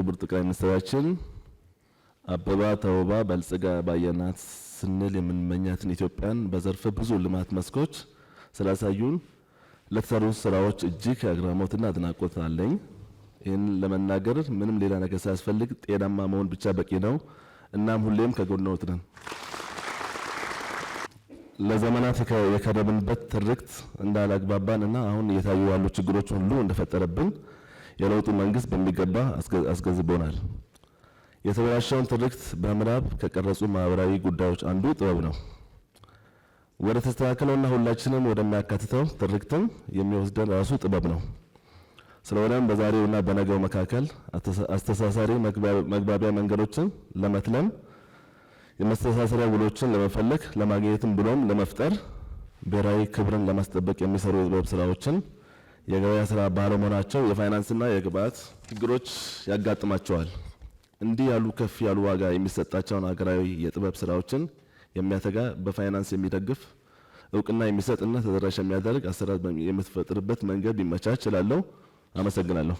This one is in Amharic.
ክቡር ጠቅላይ ሚኒስትራችን አበባ ተውባ በልጽጋ ባየናት ስንል የምንመኛትን ኢትዮጵያን በዘርፈ ብዙ ልማት መስኮች ስላሳዩን ለተሰሩ ስራዎች እጅግ አግራሞትና አድናቆት አለኝ። ይህን ለመናገር ምንም ሌላ ነገር ሳያስፈልግ ጤናማ መሆን ብቻ በቂ ነው። እናም ሁሌም ከጎንዎት ነን። ለዘመናት የከረምንበት ትርክት እንዳላግባባን እና አሁን እየታዩ ያሉ ችግሮች ሁሉ እንደፈጠረብን የለውጡ መንግስት በሚገባ አስገንዝቦናል። የተበላሸውን ትርክት በምናብ ከቀረጹ ማህበራዊ ጉዳዮች አንዱ ጥበብ ነው። ወደ ተስተካከለውና ሁላችንም ወደሚያካትተው ትርክትም የሚወስደን ራሱ ጥበብ ነው። ስለሆነም በዛሬውና በነገው መካከል አስተሳሳሪ መግባቢያ መንገዶችን ለመትለም የመስተሳሰሪያ ውሎችን ለመፈለግ ለማግኘትም ብሎም ለመፍጠር ብሔራዊ ክብርን ለማስጠበቅ የሚሰሩ የጥበብ ስራዎችን የገበያ ስራ ባለመሆናቸው የፋይናንስና የግብዓት ችግሮች ያጋጥማቸዋል። እንዲህ ያሉ ከፍ ያሉ ዋጋ የሚሰጣቸውን ሀገራዊ የጥበብ ስራዎችን የሚያተጋ በፋይናንስ የሚደግፍ እውቅና የሚሰጥ ተደራሽ የሚያደርግ አሰራር የምትፈጥርበት መንገድ ቢመቻች እላለሁ። አመሰግናለሁ።